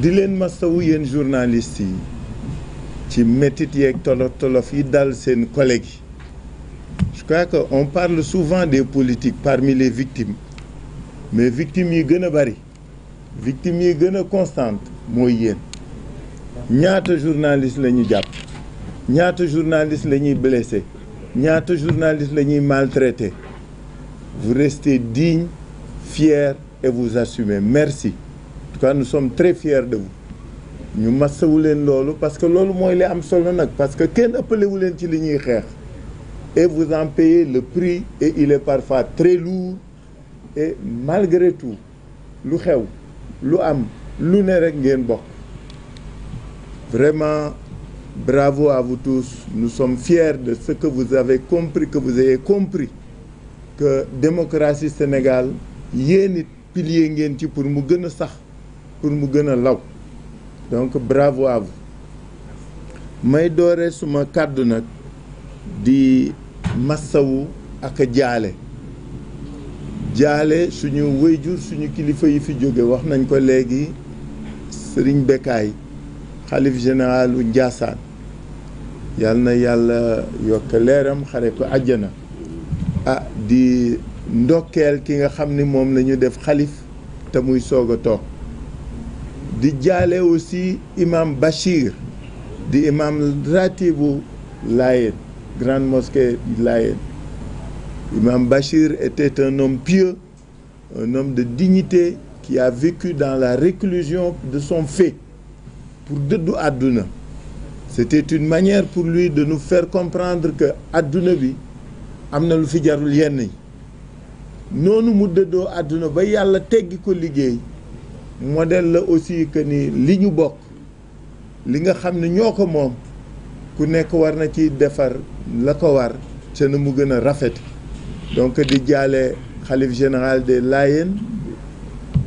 di leen mastawu yéen journalistes yi ci métit yeeg tolof tolof yi dal seen college yi je crois que on parle souvent des politiques parmi les victimes mais victimes yi gën a bari victimes yi gën a constante mooy yéen ñaata journaliste la jàpp ñaata journaliste la ñuy blessé ñaata journaliste la ñuy maltraité vous restez digne fier et vous assumez merci tout cas nous très fiers de vous ñu massawu leen loolu parce que loolu mooy li am solo nag parce que kenn ëppalewu leen ci li ñuy xeex et vous en payez le prix et il est parfois très lourd et malgré tout lu xew lu am lu ne rek ngeen bokk vraiment bravo à vous tous nu some fiers de ce que vous avez compris que vous ayez compris que démocratie Sénégal yéen it pilier ngeen ci pour mu gën a sax pour mu gën a law donc bravo à may doore suma kàddu nag di massawu ak a jaale jaale suñu wéyjur suñu kilifa yi fi jóge wax nañ ko léegi sëriñ Bekkaay xalif généralu Njaasaan yal na yàlla yokk leeram xare ko àjjana ah di ndokkeel ki nga xam ni moom lañu def xalif te muy soog a toog di jaale aussi imam Bachir di imam ratibu Layène grande mosquée Layène imam Bachir était un homme pieux un homme de dignité qui a vécu dans la réclusion de son fait pour dëddu àdduna c'était une manière pour lui de nous faire comprendre que àdduna bi am na lu fi jarul yenn yi noonu mu dëddoo àdduna ba yàlla teggi ko liggéey modèle la aussi que ni li ñu bokk li nga xam ne ñoo ko moom ku nekk war na ci defar la ko war ca na mu gën a rafet donc di jaale xalif général des Layènes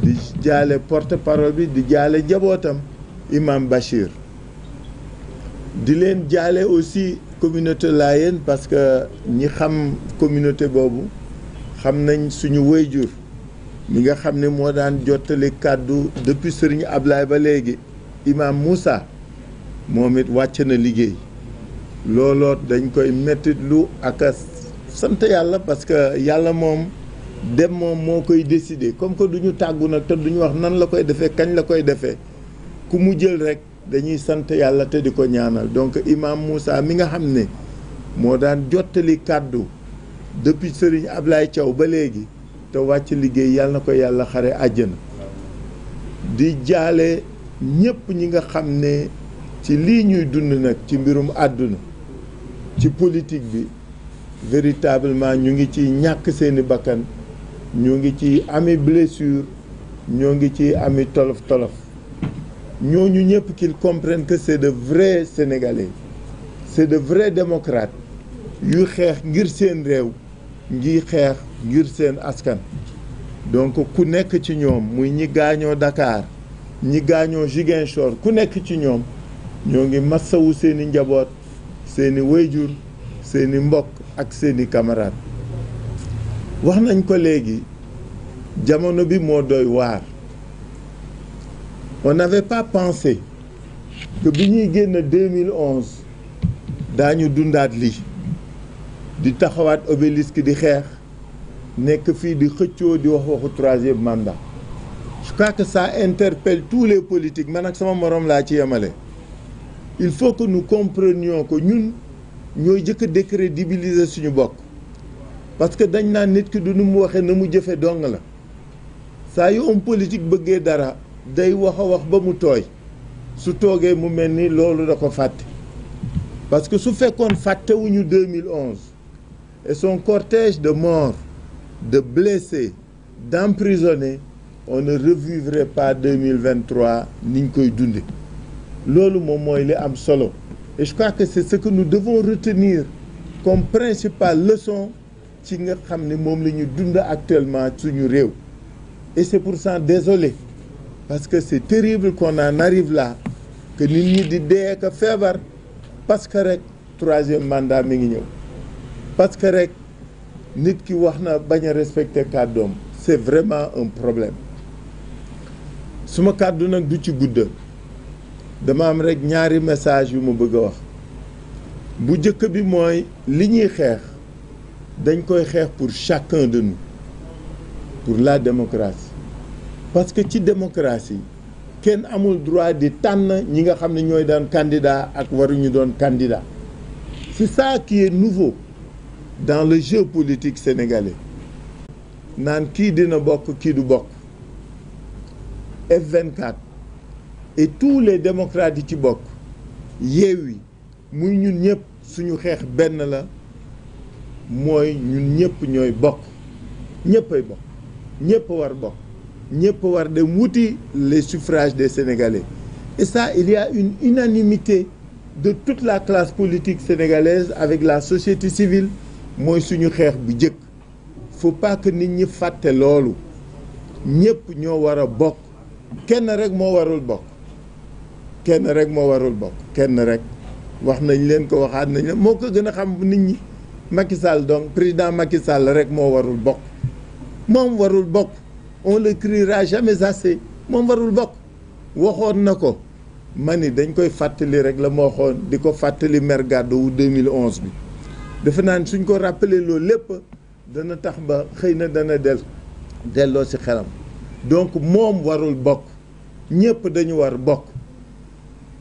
di jaale porte parole bi di jaale njabootam imam Bachir di leen jaale aussi communauté Layène parce que ñi xam communauté boobu xam nañ suñu wayjur mi nga xam ne moo daan jottali kàddu depuis Serigne Ablaye ba léegi Imam Moussa moom it wàcc na liggéey looloo dañ koy mettit lu ak sant yàlla parce que yàlla moom dem moom moo koy décider comme que du ñu tàggu nag te du ñu wax nan la koy defee kañ la koy defee ku mu jël rek dañuy sant yàlla te di ko ñaanal donc Imam Moussa mi nga xam ne moo daan jottali kàddu depuis Serigne Ablaye Thiaw ba léegi te wàcc liggéey yàlla na ko yàlla xare àjjana di jaale ñépp ñi nga xam ne ci lii ñuy dund nag ci mbirum àdduna ci politique bi véritablement ñu ngi ciy ñàkk seeni bakkan ñu ngi ci amee blessure ñoo ngi ci amee tolof tolof ñooñu ñëpp qu'ils comprennent que c'est de vrais sénégalais c'est de vrais démocrates yu xeex ngir seen réew ngi xeex ngir seen askan donc ku nekk ci ñoom muy ñi gaañoo dakaar ñi gaañoo Ziguinchor ku nekk ci ñoom ñoo ngi massawu seeni njaboot seeni i seeni mbokk ak seeni i wax nañ ko léegi jamono bi moo doy waar on n'avait pensé que bi ñuy génn 2011 daañu dundaat li di taxawaat obélisque di xeex nekk fii di xëccoo di wax waxu troisième mandat je crois que ça interpelle tous les politiques man ak sama morom laa ci yemale il faut que nu comprenion ko ñun ñooy jëkk a décrédibiliser suñu bokk parce que dañ naan nit ki du nu mu waxee na mu jëfe dong la saa yu homme politique bëggee dara day wax a wax ba mu tooy su toogee mu mel ni loolu da ko fàtte parce que su fekkoon fàttewuñu 2011 et son cortège de morts de blesser d'emprisonner on ne revivrait pas 2023 ni ñu koy dunde loolu moom mooy li am solo et je crois que c'est ce que nous devons retenir comme principale leçon ci nga xam ni moom la ñu dund actuellement ñu réew et c'est pour ça désolé parce que c'est terrible qu'on en arrive là que nit ñi di dee ka feebar parce que rek troisième mandat mi ngi ñëw parce que rek nit ki wax na bañ a respecté kàddoom c'est vraiment un problème suma kàddu nag du ci gudd dama am rek ñaari message yu ma bëgg a wax bu jëkk bi mooy li ñuy xeex dañ koy xeex pour chacun de nous pour la démocratie parce que ci démocratie kenn amul droit di tànn ñi nga xam ne ñooy daan candidat ak waruñu doon candidat c'est ça qui est nouveau dans le jeu politique sénégalais naan kii dina bokk kii du bokk F24 et tous les démocrates yi ci bokk Yewwi muy ñun ñëpp suñu xeex benn la mooy ñun ñëpp ñooy bokk ñëppay bokk war bokk ñëpp war dem wuti les suffrages des Sénégalais et ça il y a une unanimité de toute la classe politique sénégalaise avec la société civile mooy suñu xeex bu jëkk faut pas nit ñi fàtte loolu ñëpp ñoo war a bokk kenn rek moo warul bokk kenn rek moo warul bokk kenn rek wax nañ leen ko waxaat nañ leen moo ko gën a xam nit ñi Macky Sall donc président Macky Sall rek moo warul bokk moom warul bokk on le criera jamais assez moom warul bokk waxoon na ko ma ni dañ koy fàttali rek la moo xoon di ko fàttali mer gàddu wu 2011 bi defe naa ne suñ ko rappelé loolu lépp dana tax ba xëy na dana dell delloo si xelam donc moom warul bokk ñëpp dañu war bokk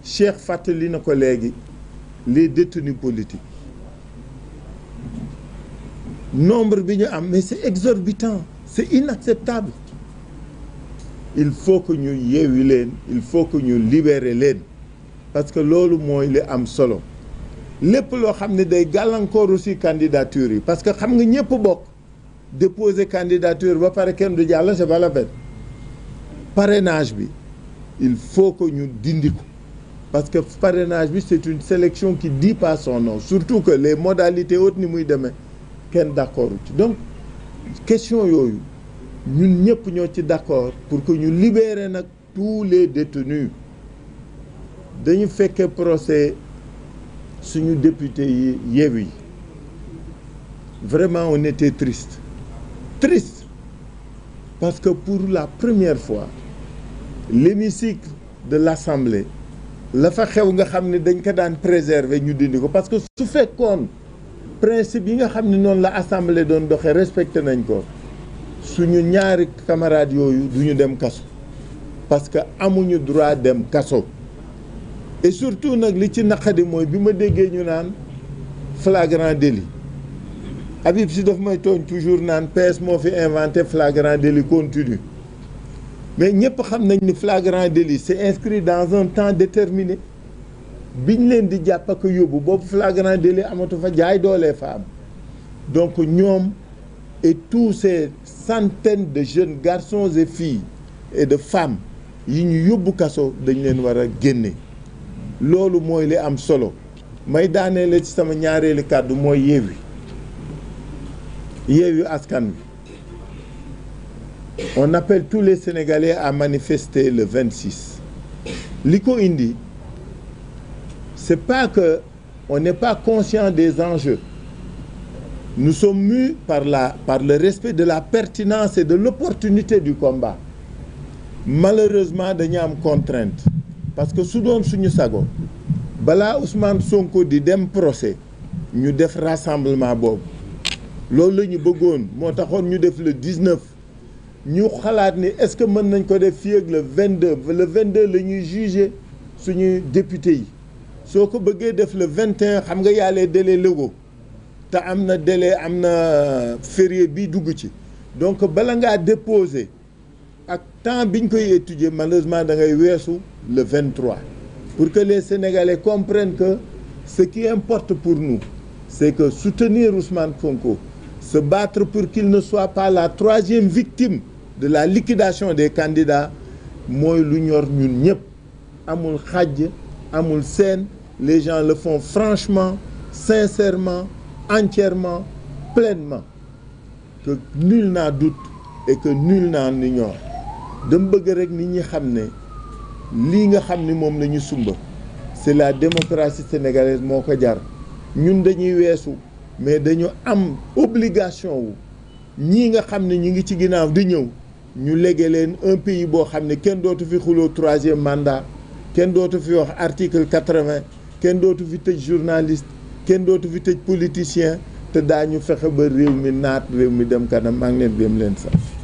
Cheikh fàttali na ko léegi les détenus politiques nombre bi ñu am mais c'est exorbitant c'est inacceptable il faut que ñu yeewi leen il faut que ñu libérer leen parce que loolu mooy li am solo lépp loo xam ne day gàllankooru aussi candidature yi parce que xam nga ñëpp bokk déposer candidature ba pare kenn du jàll c'est pas la parenage bi il faut que ñu dindi ko parce que parrainage bi c'est une sélection qui dit pas son nom surtout que les modalités hautes ni muy demee kenn d'accord ci donc question yooyu ñun ñëpp ñoo ci d'accord pour que ñu libérer nag tous les détenus dañu fekkee procès suñu député yi yeew yi vraiment on était triste triste parce que pour la première fois l'hémicycle de l'Assemblée la fa xew nga xam ne dañ ko daan préserver ñu dindi ko parce que su fekkoon principe yi nga xam ne noonu la assemblée doon doxee respecté nañ ko suñu ñaari camarades yooyu duñu dem kaso parce que amuñu droit dem kaso et surtout nag li ci naqadi mooy bi ma déggee ñu naan flagrant délit Habib si daf may tooñ toujours naan PS moo fi inventé flagrant délit continu mais ñëpp xam nañ ni flagrant délit c'est inscrit dans un temps déterminé biñ leen di jàpp ak yóbbu boobu flagrant délit amatu fa jaay doole fa am donc ñoom et tous ces centaines de jeunes garçons et filles et de femmes yi ñu yóbbu kaso dañ leen war a génne loolu mooy li am solo may daaneele ci sama ñaareelu kàddu mooy Yewwi Yewwi Askan Wi on appelle tous les Sénégalais à manifester le 26 li ko indi c'est pas que on n'est pas conscient des enjeux nous sommes mus par la par le respect de la pertinence et de l'opportunité du combat malheureusement dañu am contrainte parce que su doon suñu sago balaa Ousmane Sonko di dem procès ñu def rassemblement boobu loolu la ñu bëggoon moo taxoon ñu def le 19 ñu xalaat ni est-ce que mën nañ ko def fii ak le 22 le 22 la ñuy jugé suñuy député yi soo ko bëggee def le 21 xam nga yàlla délai légaux te am na délai am na euh, férié bi dugg ci donc bala ngaa déposer. ak temps biñ koy étudier malheureusement da ngay weesu le 23 pour que les Sénégalais comprennent que ce qui importe pour nous c'est que soutenir Ousmane Sonko se battre pour qu'il ne soit pas la troisième victime de la liquidation des candidats mooy lu ñor ñun ñëpp amul xàjj amul seen les gens le font franchement sincèrement entièrement pleinement que nul n'en doute et que nul n'en ignore dama bëgg rek nit ñi xam ne lii nga xam ni moom la ñu sumba c'est la démocratie sénégalaise moo ko jar ñun dañuy weesu mais dañu am obligation wu ñii nga xam ne ñu ngi ci ginnaaw di ñëw ñu lége leen un pays boo xam ne kenn dootu fi xuloo troisième mandat kenn dootu fi wax article quatre-vingt kenn dootu fi tëj journaliste kenn dootu fi tëj politicien te daa ñu fexe ba réew mi naat réew mi dem kanam maa leen gëm leen sax